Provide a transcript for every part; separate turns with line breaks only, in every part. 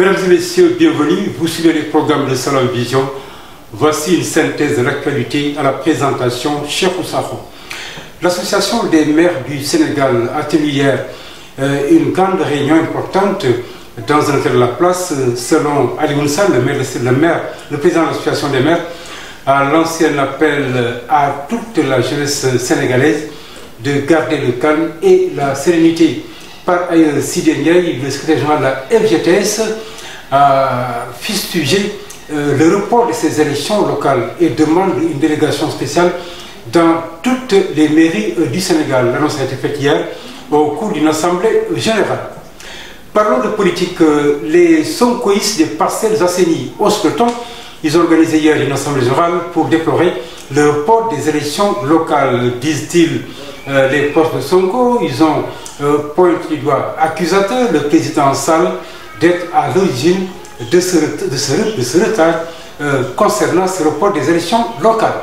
Mesdames et messieurs, bienvenue. Vous suivez le programme de Salon Vision. Voici une synthèse de l'actualité à la présentation Cheikh Oussaro. L'association des maires du Sénégal a tenu hier euh, une grande réunion importante euh, dans un hôtel de la place. Euh, selon Ali Moussa, le maire, le maire, le président de l'association des maires, a lancé un appel à toute la jeunesse sénégalaise de garder le calme et la sérénité. par ailleurs Sidé Ndiaye, le secrétaire général de la FGTS, a euh, fustigé euh, le report de ces élections locales et demande une délégation spéciale dans toutes les mairies euh, du Sénégal. L'annonce a été faite hier au cours d'une assemblée générale. Parlons de politique. Euh, les Sonkoïs des parcelles assainies au scrutin, ils ont organisé hier une assemblée générale pour déplorer le report des élections locales, disent-ils les postes de Sonko. pointe du doigt accusateur le président Sall d'être à l'origine de ce, de ce, de ce retard euh, concernant ce report des élections locales.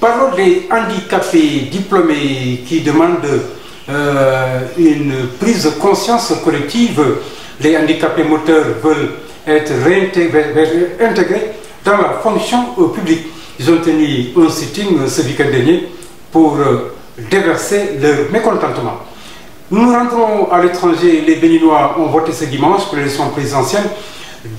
Parlons des handicapés diplômés qui demandent euh, une prise de conscience collective. Les handicapés moteurs veulent être réintégrés dans la fonction publique. Ils ont tenu un sitting euh, ce week-end dernier pour euh, déverser leur mécontentement. Nous nous rentrons à l'étranger. Les Béninois ont voté ce dimanche pour l'élection présidentielle.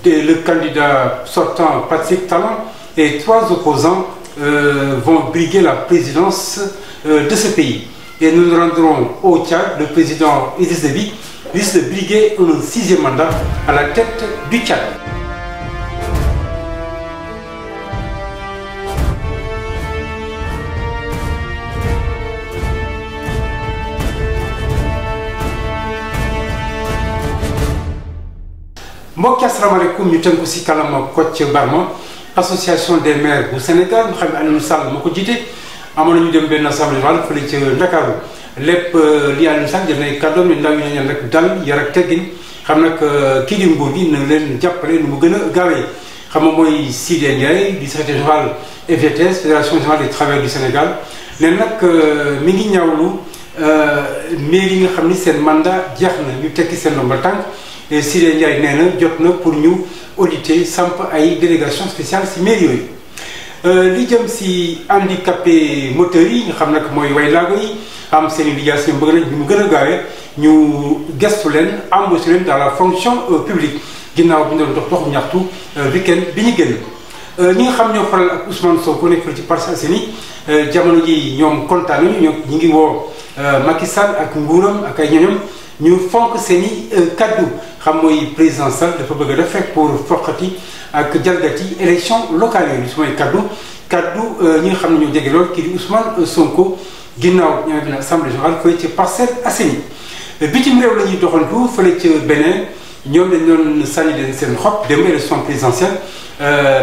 Le candidat sortant, Patrick Talon, et trois opposants euh, vont briguer la présidence euh, de ce pays. Et nous nous rendrons au Tchad. Le président Idriss Déby risque de briguer un sixième mandat à la tête du Tchad. mbokki asalaamaaleykum ñu tënku si kàllaama Kocc Barma association des maires bu Sénégal nga xam ne Alioune Sall moo ko jiite amoon nañu dem benn assemblée générale fële ca Ndakaaru lépp euh, li Alioune Sall jël nay kàddoom ne ndaw ñu ñaan rek dal yar ak teggin xam nag euh, kii di nguur gi na leen jàppale nu mu gën a gaawee xam nga mooy Sidé Ndiaye di secrétaire général FGTS fédération générale des travailleurs du Sénégal leen nag euh, mi ngi ñaawlu maire yi nga xam ni seen mandat jeex na ñu tekki seen ndombal tànk Siré Ndiaye nee na jot na pour ñu auditer samp ay délégation spéciale si mairie yooyu euh, li jëm si handicapé moteur yi nga xam nag mooy way laago yi am seen i liggéey ñoom bëgg nañ ñu mu gën a gaawee ñu gestu leen embauché leen dans la fonction euh, publique ginnaaw bi ñu doon dox doxu ñaxtu euh, weekend bi ñu génn ñi nga xam ñoo faral ak Ousmane Sonko nekk fële ci Parcelles Assainies jamono ji ñoom kontaan nañu ñoom ñu ngi woo Macky Sall ak nguuram ak ay ñoñam ñu fonk seen i euh, kaddu xam mooy président Sall dafa bëgg a def rek pour foqati ak jalgati élection locale yooyu su may kaddu kaddu euh, ñi nga xam ñoo jege lool kii di Ousmane euh, Sonko ginnaaw ñoo dina assemblée générale fële ca Parcelles Assainies bitim réew la ñuy doxantu fële ca Bénin ñoom dañ doon sànni leen seen xob dem élection présidentielle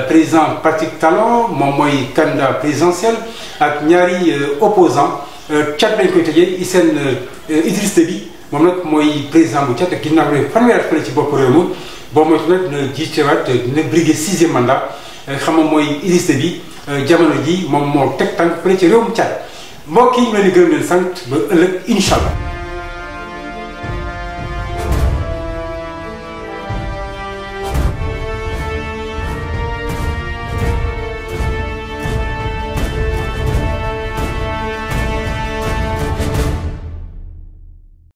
président Patrick Talon moom mooy candidat présidentiel ak ñaari opposant cat lañ koy tëjee i seen Idriss Déby moom nag mooy président bu Tchad ak ginnaaw bi fanweeri at fële ci bopp réew mi boo moytu nag dina jiitewaat dina briguer sixième mandat xam moom mooy Idrissa bi jamono ji moom moo teg tànk fële ci réewum Tchad mbokk yi ñu leen di gërëm leen sant ba ëllëg incha allah.